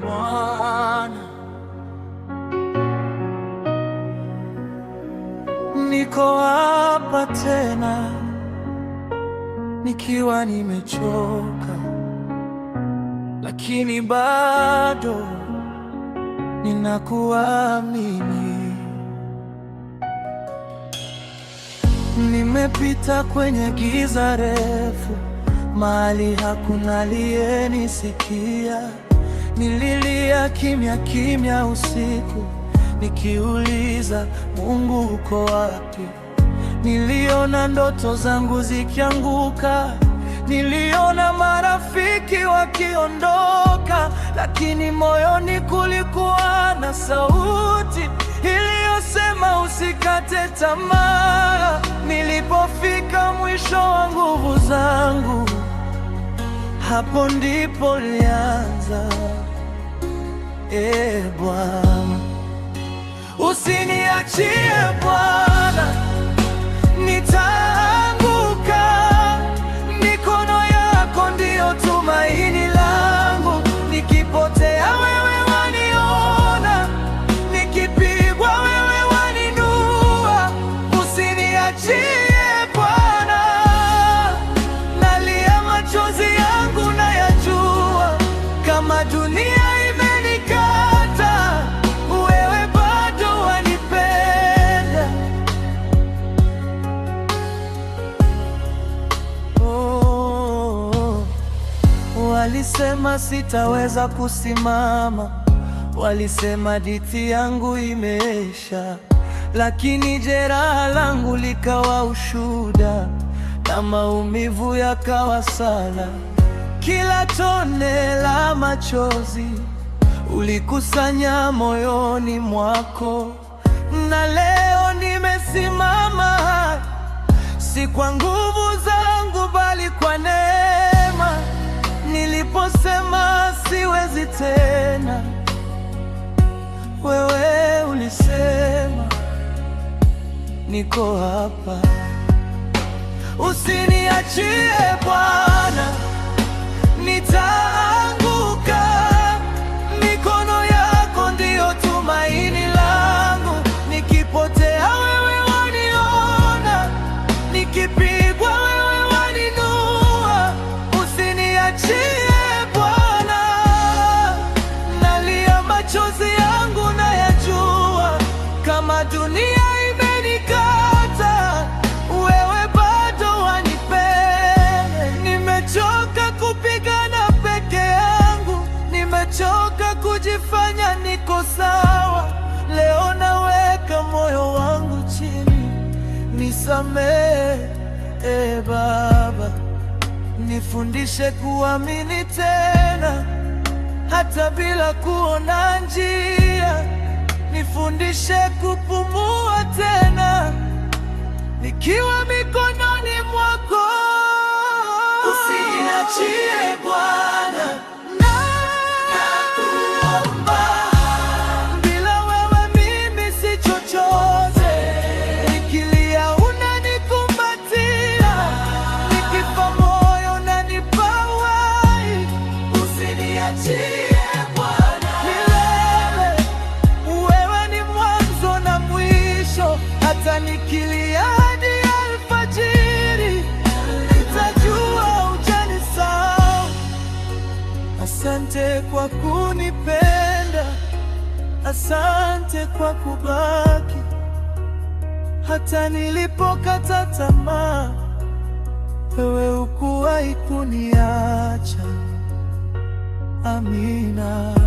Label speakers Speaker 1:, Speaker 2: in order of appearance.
Speaker 1: Bwana, niko hapa tena nikiwa nimechoka, lakini bado ninakuamini. Nimepita kwenye giza refu mali hakuna aliyenisikia. Nililia kimya kimya usiku nikiuliza, Mungu uko wapi? Niliona ndoto zangu zikianguka, niliona marafiki wakiondoka, lakini moyoni kulikuwa na sauti iliyosema usikate tamaa. Nilipofika mwisho wa nguvu zangu hapo ndipo lianza. E eh, Bwana, usiniachie Bwana. dunia imenikata, bado wanipenda. Oh, walisema sitaweza kusimama, walisema diti yangu imeisha, lakini jeraha langu likawa ushuda na maumivu yakawa sala. Kila tone la machozi ulikusanya moyoni mwako, na leo nimesimama, si kwa nguvu zangu, bali kwa neema. Niliposema siwezi tena, wewe ulisema niko hapa, usiniachie niachie Bwana, machozi yangu na kama dunia imenikata, wewe bado kupigana peke yangu, kujifanya niko sawa. Leo naweka moyo wangu chini, e Baba nifundishe kuamini tena hata bila kuona njia, nifundishe kupumua tena nikiwa mikono Asante kwa kunipenda, asante kwa kubaki hata nilipokata tamaa, wewe hukuwahi kuniacha. Amina.